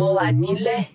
mo wà nílé